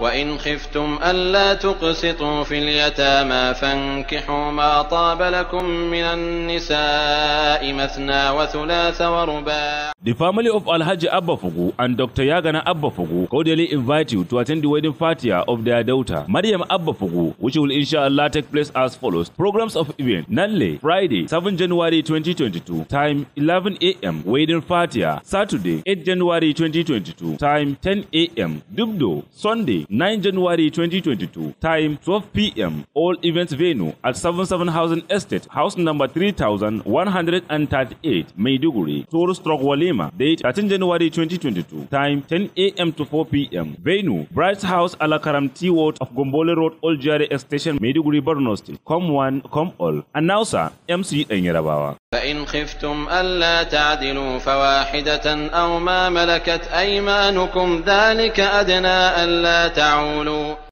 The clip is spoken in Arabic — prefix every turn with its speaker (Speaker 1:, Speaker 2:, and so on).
Speaker 1: وإن خفتم ألا تقسطوا في اليتامى فانكحوا ما طاب لكم من النساء مثنى وثلاث ورباع
Speaker 2: The family of Alhaji Abba Fugu and Dr. Yagana Abba Fugu cordially invite you to attend the wedding party of their daughter, Mariam Abba Fugu, which will inshallah take place as follows. Programs of event, Nanle, Friday, 7 January 2022, time 11 a.m. Wedding party, Saturday, 8 January 2022, time 10 a.m. Dubdo, Sunday, 9 January 2022, time 12 p.m. All events venue at 77 Housing Estate, house number 3138, Maiduguri, Toro Stroke Walima, date 13 January 2022, time 10 a.m. to 4 p.m. Venue, Bright House Alakaram T Ward of Gombole Road, Old Jari Station, Maiduguri, Borno State. Come one, come all. Announcer, MC Enyarabawa.
Speaker 1: فإن خفتم ألا تعدلوا فواحدة أو ما ملكت أيمانكم ذلك أدنى ألا تعولوا